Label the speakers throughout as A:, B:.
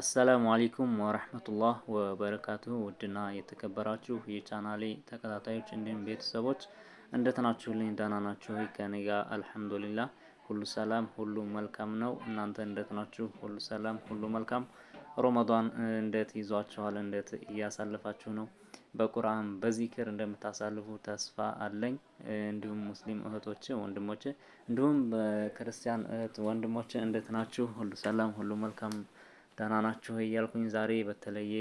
A: አሰላሙ አሌይኩም ወረህመቱላህ ወበረካቱ ውድና የተከበራችሁ የቻናሌ ተከታታዮች እንዲሁም ቤተሰቦች እንደት ናችሁልኝ? ደህና ናችሁ? ከኔ ጋ አልሐምዱሊላ ሁሉ ሰላም ሁሉ መልካም ነው። እናንተ እንደት ናችሁ? ሁሉ ሰላም ሁሉ መልካም። ሮመዷን እንዴት ይዟችኋል? እንዴት እያሳለፋችሁ ነው? በቁርአን በዚክር እንደምታሳልፉ ተስፋ አለኝ። እንዲሁም ሙስሊም እህቶች ወንድሞች፣ እንዲሁም በክርስቲያን እህት ወንድሞች እንዴት ናችሁ? ሁሉ ሰላም ሁሉ መልካም ደህና ናችሁ እያልኩኝ ዛሬ በተለየ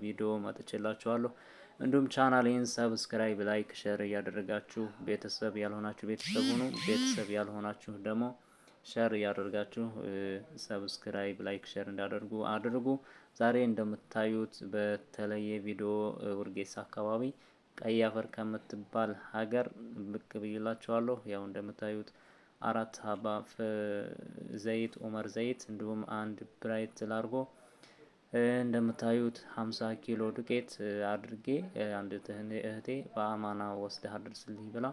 A: ቪዲዮ መጥቼላችኋለሁ። እንዲሁም ቻናሌን ሰብስክራይብ፣ ላይክ፣ ሸር እያደረጋችሁ ቤተሰብ ያልሆናችሁ ቤተሰብ ሁኑ። ቤተሰብ ያልሆናችሁ ደግሞ ሸር እያደረጋችሁ ሰብስክራይብ፣ ላይክ፣ ሸር እንዳደርጉ አድርጉ። ዛሬ እንደምታዩት በተለየ ቪዲዮ ውርጌሳ አካባቢ ቀይ አፈር ከምትባል ሀገር ብቅ ብዬላችኋለሁ። ያው እንደምታዩት አራት ሀባ ዘይት ኦመር ዘይት እንዲሁም አንድ ብራይት ላርጎ እንደምታዩት 50 ኪሎ ዱቄት አድርጌ አንድ እህቴ በአማና ወስደህ አድርስልኝ ብላ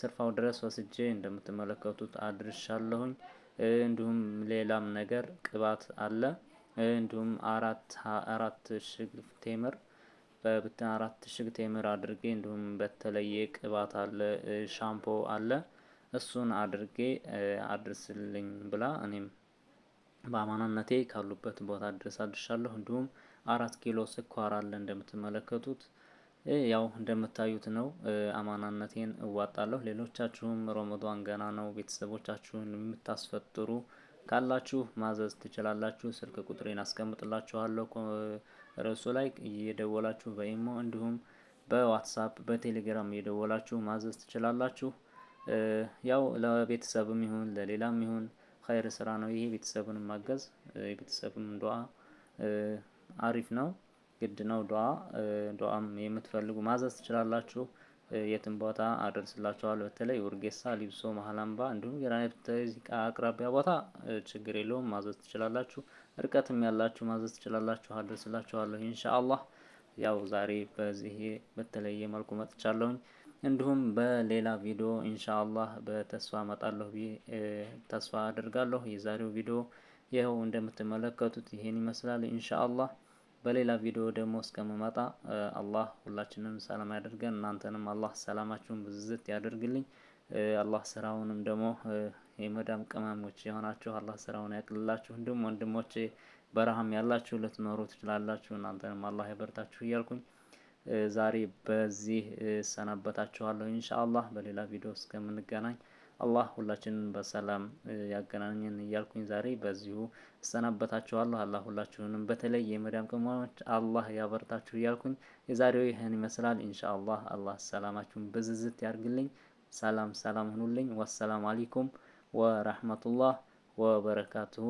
A: ስርፋው ድረስ ወስጄ እንደምትመለከቱት አድርሻለሁኝ። እንዲሁም ሌላም ነገር ቅባት አለ። እንዲሁም አራት አራት ሽግ ቴምር በብትን አራት ሽግ ቴምር አድርጌ እንዲሁም በተለየ ቅባት አለ፣ ሻምፖ አለ። እሱን አድርጌ አድርስልኝ ብላ እኔም በአማናነቴ ካሉበት ቦታ ድረስ አድርሻለሁ። እንዲሁም አራት ኪሎ ስኳር አለ እንደምትመለከቱት ያው እንደምታዩት ነው። አማናነቴን እዋጣለሁ። ሌሎቻችሁም ረመዷን ገና ነው፣ ቤተሰቦቻችሁን የምታስፈጥሩ ካላችሁ ማዘዝ ትችላላችሁ። ስልክ ቁጥሬን አስቀምጥላችኋለሁ ርዕሱ ላይ እየደወላችሁ በኢሞ እንዲሁም በዋትሳፕ በቴሌግራም እየደወላችሁ ማዘዝ ትችላላችሁ። ያው ለቤተሰብም ይሁን ለሌላም ይሁን ኸይር ስራ ነው። ይሄ ቤተሰብን ማገዝ የቤተሰብን ዱዓ አሪፍ ነው፣ ግድ ነው። ዱዓ ዱዓም የምትፈልጉ ማዘዝ ትችላላችሁ። የትም ቦታ አደርስላችኋል። በተለይ ውርጌሳ፣ ሊብሶ፣ መሀላምባ እንዲሁም ጌራኔት አቅራቢያ ቦታ ችግር የለውም ማዘዝ ትችላላችሁ። እርቀትም ያላችሁ ማዘዝ ትችላላችሁ፣ አደርስላችኋለሁ ኢንሻአላህ። ያው ዛሬ በዚህ በተለየ መልኩ መጥቻለሁኝ። እንዲሁም በሌላ ቪዲዮ ኢንሻአላህ በተስፋ እመጣለሁ ብዬ ተስፋ አድርጋለሁ። የዛሬው ቪዲዮ ይኸው እንደምትመለከቱት ይሄን ይመስላል። ኢንሻአላህ በሌላ ቪዲዮ ደግሞ እስከምመጣ አላህ ሁላችንም ሰላም ያደርገን። እናንተንም አላህ ሰላማችሁን ብዝዝት ያደርግልኝ። አላህ ስራውንም ደግሞ የመዳም ቅመሞች የሆናችሁ አላህ ስራውን ያቅልላችሁ። እንዲሁም ወንድሞቼ በረሃም ያላችሁ ልትኖሩ ትችላላችሁ። እናንተንም አላህ ያበርታችሁ እያልኩኝ ዛሬ በዚህ ሰናበታችኋለሁ። ኢንሻአላህ በሌላ ቪዲዮ እስከምንገናኝ አላህ ሁላችንን በሰላም ያገናኘን እያልኩኝ ዛሬ በዚሁ እሰናበታችኋለሁ። አላህ ሁላችሁንም በተለይ የመዳም ቅመሞች አላህ ያበርታችሁ እያልኩኝ የዛሬው ይህን ይመስላል። ኢንሻአላህ አላህ ሰላማችሁን ብዝዝት ያርግልኝ። ሰላም ሰላም ሁኑልኝ። ወሰላም አለይኩም ወረህመቱላህ ወበረካቱሁ።